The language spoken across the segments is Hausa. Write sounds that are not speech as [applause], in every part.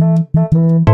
Thank you.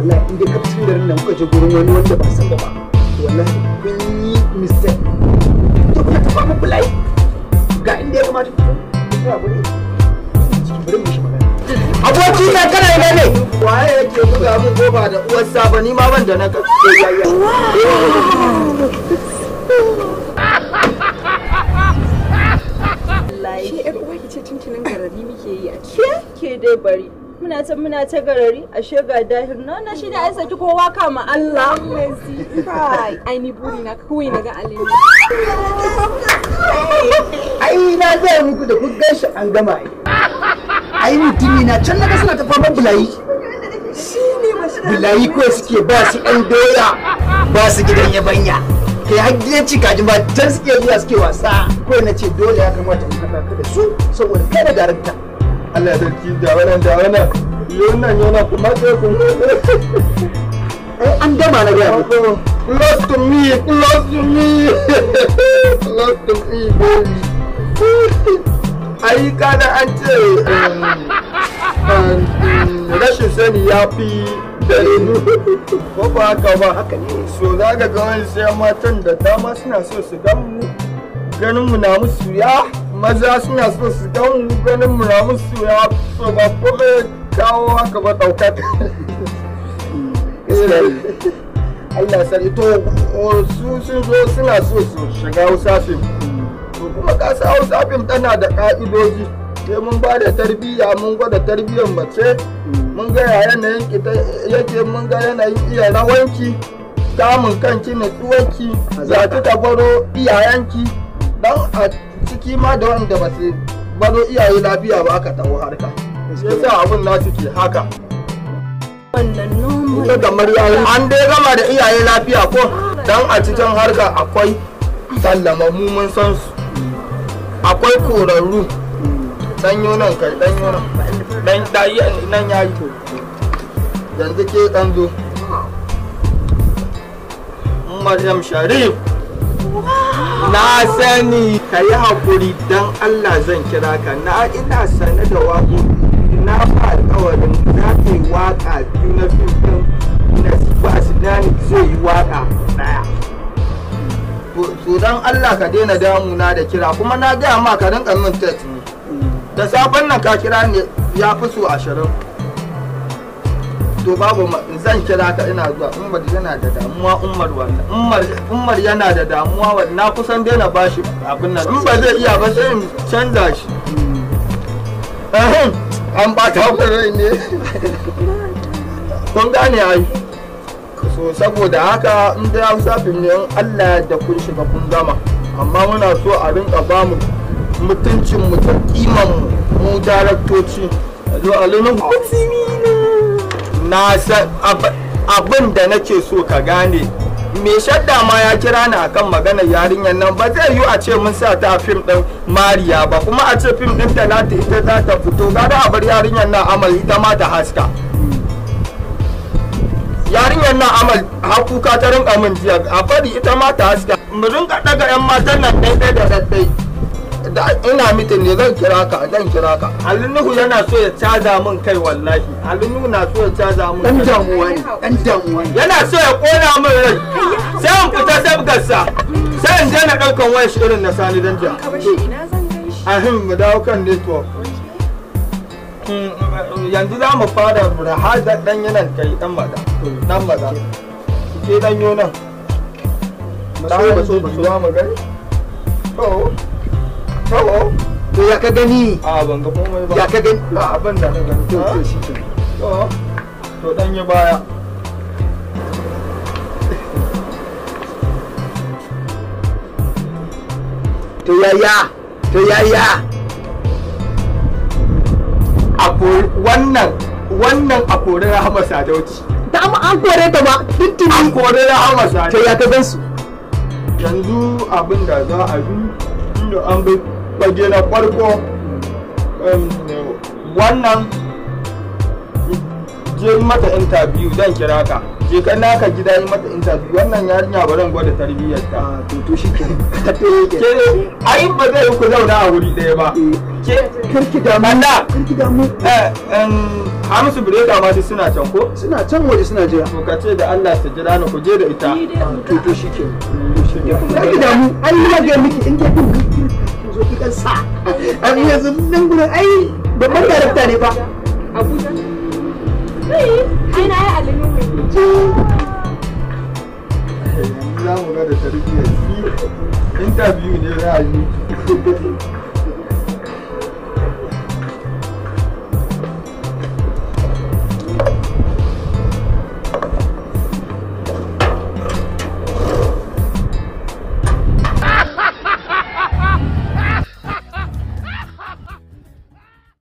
wallahi in dai ka cikin garin nan kuka je gurin wani wanda ba san ba wallahi kun yi mistake to kuna tafa mu bulai ga inda ya kamata ku kuna gurin bari aboki na kana ina ne waye yake buga mun gofa da uwar saba ni ma ban da na ka yayya wallahi ni yar uwa ce tuntunin garari muke yi a ke ke dai bari muna can muna ta garari a shega dahir na na shi ne ai saki kowa kama Allah mesi kai ai ni buri na kawai na ga alimi ai na ga muku da kun gashi an gama ai ai mutumi na can naga suna ta faman bulayi shi ba bulayi ko suke ba su ɗan doya ba su gidan yabanya kai har gidan ci kaji ba can suke zuwa suke wasa ko na ce dole ya kamata mu haɗa ka da su saboda kada darakta Allah sarki da wannan da wannan yonan yana kuma sai kun eh, an dama na gaya close to me close to me close to me baby ai kana an ce eh, eh, rashin sani ya fi dare ko ba haka ba haka ne so za ga wani sai matan da dama suna so su gan mu ganin mu na musu ya maza suna so su don ganin muramusu ya so ba kuma kawo haka ba daukar Allah sani to su sun zo suna so su shiga hausa fim to kuma kasa hausa fim tana da ka'idoji sai mun ba da tarbiyya mun gwada tarbiyyar mace mun ga yanayin yake mun ga yanayin iya rawanki samun kanki natsuwarki za ki ta gwaro iyayenki don a ciki ma da wanda ba su baro iyaye lafiya ba aka tawo harka yasa abun na ke haka wannan kamar yayin an dai gama da iyaye lafiya ko dan a cikin harka akwai sallama mu mun san su akwai korarru dan yonan kai dan yonan dan dai nan ya yayi yanzu ke dan zo Maryam Sharif na sani ka yi haƙuri don allah zan kira ka na ina sane da waƙo na fa alƙawarin za ka yi waƙa biyu na biyu na ba su zai yi waƙa ɗaya to don allah ka daina damuna da kira kuma na gaya ma ka rinka min text da sabon nan ka kira ne ya fi so ashirin to babu zan kira ka ina zuwa umar yana da damuwa umar wannan umar yana da damuwa na kusan daina bashi abin nan in ba zai iya ba sai in canza shi an ba ta rai ne kun gane ai so saboda haka in da hausa ne in allah da kun shiga kun gama amma muna so a rinka ba mu mutuncin mu da kiman mu daraktoci a zo a lumin na san abin da nake so ka gane me shadda ma ya kira ni akan maganar yarinyar nan ba zai yi a ce mun sa ta fim din mariya ba kuma a ce fim din talata ita za ta fito kada a bar yarinyar nan amal ita ma ta haska yarinyar nan amal hakuka ta rinka min jiya a bari ita ma ta haska mu rinka daga yan matan nan daidai da daidai ina mitin ne zan kira ka zan kira ka alinuhu yana so ya caza min kai wallahi alinuhu na so ya caza min dan damuwa ne dan damuwa ne yana so ya kona min rai sai in fita sabgarsa sai in je na daukan wayar shi irin na sani dan ja ahim mu dawo kan network hmm, yanzu za mu fara rahada dan yanan kai dan maza dan maza ke dan yonan mu so ba so ba gani to ya ka gani ya ka gani a ban da ka to yaya to ah. yaya wannan wannan a rahama sadauci da an kore ta ba an kore rahama sadauci to ya ka yanzu abin da za a bi inda an bai fage na farko um, wannan je mata interview zan kira ka je ka naka gida yi mata interview wannan yarinya ba zan gwada tarbiyyar ta ah, to [laughs] to shi ke ke ai ba zai ku zauna a wuri daya ba eh. ke kirki da manna kirki da mu eh an um, Hamisu Breka ma su suna can ko? Suna can waje suna jira. To ka ce da Allah ta jira na ku je da ita. Ah, to to shi ke. Mm. Kirki da mu an yi ga miki in ke gidan sa an yanzu nan gudan ai babban darakta ne ba abuja ai na yi mai za mu ga da tarbiyyar interview ne za a yi [laughs]